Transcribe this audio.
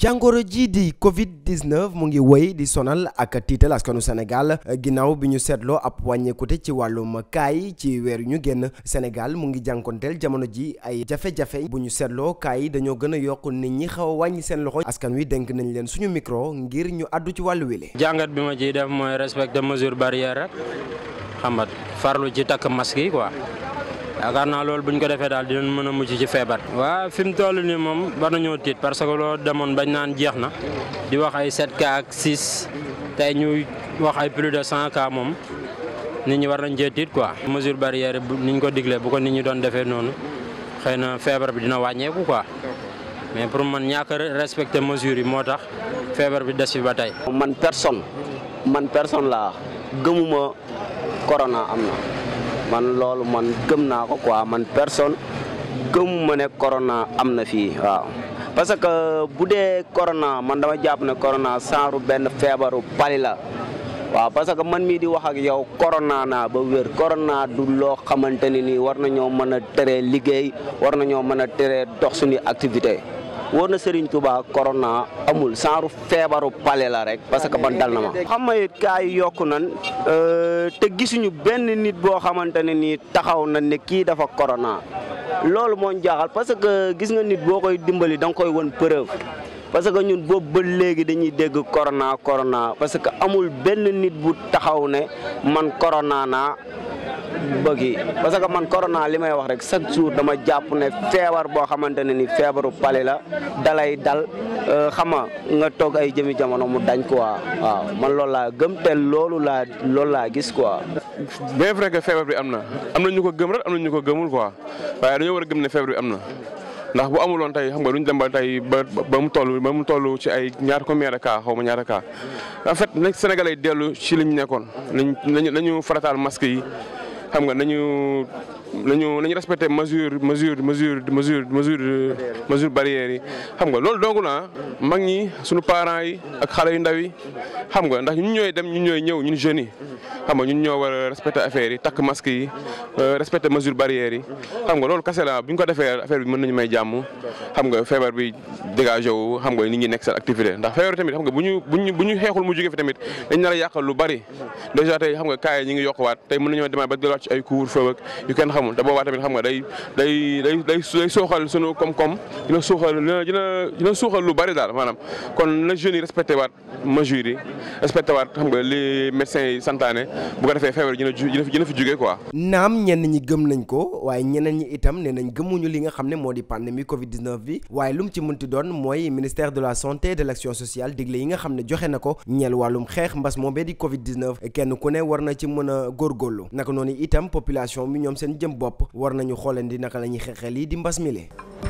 jàngoro ji di Covid 19 mu ngi woy di sonal ak tiital askanu senegal ginnaaw bi ñu seetloo ab wàññeekute ci wàllum kaay ci weer ñu génn Sénégal mu ngi jànkonteel jamono ji ay jafe-jafe bu ñu seetloo kaay yi dañoo gën a yokk nit ñi xaw wàññi seen loxo askan wi dénk nañ leen suñu micro ngir ñu àddu ci wàllu wile. jàngat bi ma ciy def mooy respecter mesure barrière rek xam nga farlu ci takk masque yi yaakaar naa loolu bu ñu ko defee daal dinañ mën a mucc ci feebar waa fi mu toll nii moom war na nañoo tiit parce que loolu demoon bañ naan jeex na di wax ay set cas ak 6 tey ñuy wax ay plus de 100 cas moom nit ñu war nañ cee tiit quoi. mesure barrière yi ni ñu ko diglee bu ko ni ñu doon defee noonu xëy na feebar bi dina wàññeeku quoi mais pour man ñaaka a respecter mesure yi moo tax feebar bi des fi ba tey. man personne man personne la gëmuma corona am na. man loolu man gëm naa ko quoi man personne gëm ma ne corona am na fii waaw. parce que bu dee corona man dama jàpp ne corona saaru benn feebaru pali la waaw parce que man mii di wax ak yow corona naa ba wér corona du loo xamante ni nii war nañoo mën a teree liggéey war nañoo mën a teree dox activité. wóor na Serigne Touba corona amul genre feebaru pale la rek parce que man dal ma. xam nga it kaa yi yokku nan euh, te gisuñu benn nit boo xamante ne nii taxaw na ne kii dafa corona loolu moo ñu jaaxal parce que gis nga nit boo koy dimbali da koy wan preuve. parce que ñun boobu ba léegi dañuy dégg corona corona parce que amul benn nit bu taxaw ne man corona naa bëgg yi parce que man corona li may wax rek chaque jour dama jàpp ne feebar boo xamante ne ni feebaru pale la dalay dal euh, xam nga toog ay jëm jamono mu dañ quoi waaw man loolu laa gëm te loolu laa loolu laa gis quoi. bien vrai que feebar bi am na am na ñu ko gëm rek am na ñu ko gëmul quoi waaye dañoo war a gëm ne feebar bi am na. ndax boo amuloon tey xam nga duñ dem ba tey ba ba mu toll ba mu toll ci ay ñaar combien de cas xaw ma ñaar cas en fait nag sénégalais dellu ci liñ nekkoon. nañ nañu farataal masque yi. xam nga nañu nañu nañu respecté mesure mesure mesure mesure mesure mesure barrières yi xam nga loolu dong naa mag ñi suñu parents yi ak xale yu ndaw yi xam nga ndax ñun ñooy dem ñun ñooy ñëw ñun jeunes yi xam nga ñun ñoo war a affaire yi takk masque yi euh, respecté mesure barrières yi xam nga loolu kase la bu ñu ko defee affaire bi mun nañu may jàmm xam nga feebar bi dégagé wu xam nga nit ñi nekk seen activité ndax feebar tamit xam nga bu ñu bu ñu bu ñu xeexul mu jógee fi tamit dañ nar a yàqal lu bari dèjà tey xam nga kaay ñi ngi yokkuwaat tey mën nañoo demaat ba ci ay couvre-feu yu kenn xamul te boobaa tamit xam nga day day day day suuxal sunu koom-koom dina suuxal dina dina lu bari daal maanaam kon na jeunes yi waat mesures yi respecté waat xam nga li médecins yi santaane bu ko defee feebar dina dina fi jógee quoi. naam ñenn ñi gëm nañ ko waaye ñeneen ñi itam nee nañ gëmuñu li nga xam ne moo di pandémie Covid 19 bi waaye lu mu ci mënti doon mooy ministère de la santé et de l' sociale digle yi nga xam ne joxe na ko ñeel wàllum xeex mbas moom bee di Covid 19 kenn ku ne war na ci mën a itam population bi ñoom seen jëm bopp war nañu xooleen di naka la ñuy xeexee lii di mbas mi